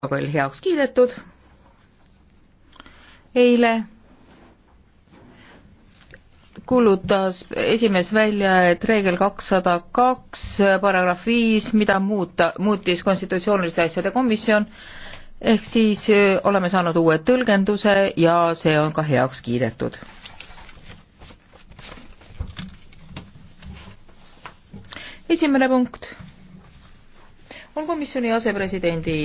protokoll heaks kiidetud eile kuulutas esimees välja, et reegel kakssada kaks, paragrahv viis, mida muuta, muutis konstitutsiooniliste asjade komisjon, ehk siis äh, oleme saanud uue tõlgenduse ja see on ka heaks kiidetud. esimene punkt on komisjoni asepresidendi